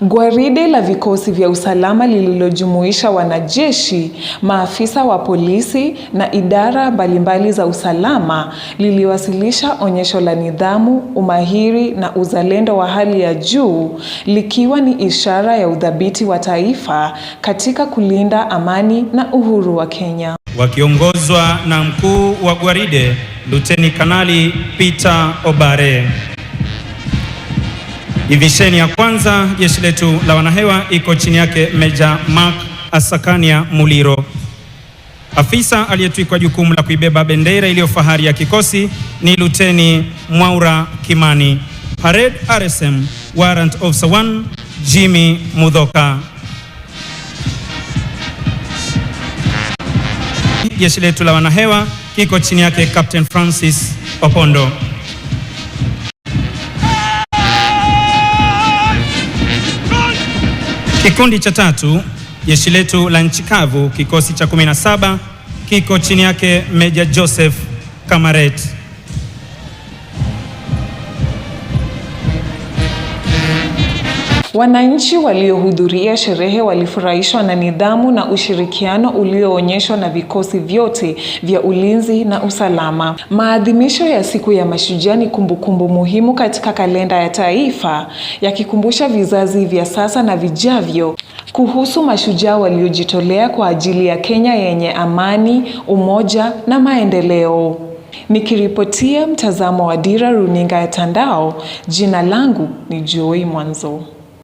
Gwaride la vikosi vya usalama lililojumuisha wanajeshi, maafisa wa polisi na idara mbalimbali za usalama liliwasilisha onyesho la nidhamu, umahiri na uzalendo wa hali ya juu likiwa ni ishara ya udhabiti wa taifa katika kulinda amani na uhuru wa Kenya. Wakiongozwa na mkuu wa gwaride Luteni Kanali Peter Obare. Divisheni ya kwanza jeshi letu la wanahewa iko chini yake Meja Mark Asakania Muliro. Afisa aliyetwikwa jukumu la kuibeba bendera iliyo fahari ya kikosi ni Luteni Mwaura Kimani. Parade RSM Warrant Officer 1 Jimmy Mudhoka. Jeshi letu la wanahewa kiko chini yake Captain Francis Opondo. Kikundi cha tatu, jeshi letu la nchi kavu, kikosi cha 17 kiko chini yake Meja Joseph Kamaret. Wananchi waliohudhuria sherehe walifurahishwa na nidhamu na ushirikiano ulioonyeshwa na vikosi vyote vya ulinzi na usalama. Maadhimisho ya Siku ya Mashujaa ni kumbukumbu muhimu katika kalenda ya taifa, yakikumbusha vizazi vya sasa na vijavyo kuhusu mashujaa waliojitolea kwa ajili ya Kenya yenye amani, umoja na maendeleo. Nikiripotia mtazamo wa Dira Runinga ya Tandao, jina langu ni Joy Mwanzo.